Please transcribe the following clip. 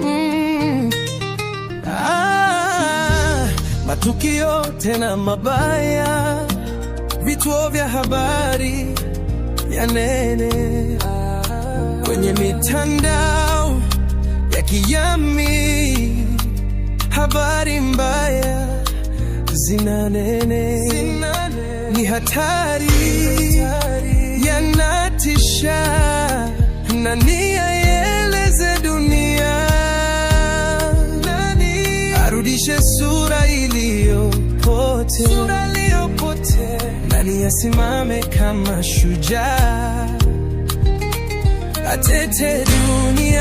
Mm. Ah, matukio tena mabaya, vituo vya habari ya nene kwenye mitandao ya kijamii, habari mbaya zinanene, ni hatari. nani aieleze dunia, nani arudishe sura iliyopotea, nani asimame kama shujaa atete dunia